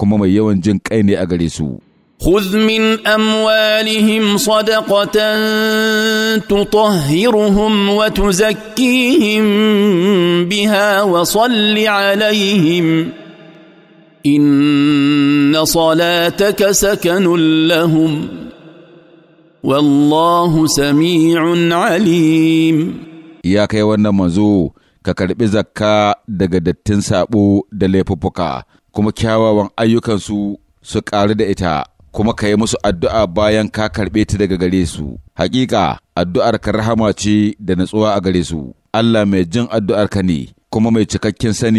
kuma mai yawan jin kai ne a gare su. خذ من أموالهم صدقة تطهرهم وتزكيهم بها وصل عليهم إن صلاتك سكن لهم والله سميع عليم. يا كي wannan manzo ka karɓi zakka daga dattin saɓo da laifuffuka, kuma kyawawan ayyukansu su ƙaru da ita, kuma ka yi musu addu'a bayan ka karɓe ta daga gare su. Hakika, addu'ar ka rahama ce da natsuwa a gare su. Allah mai jin addu'ar ne, kuma mai cikakken sani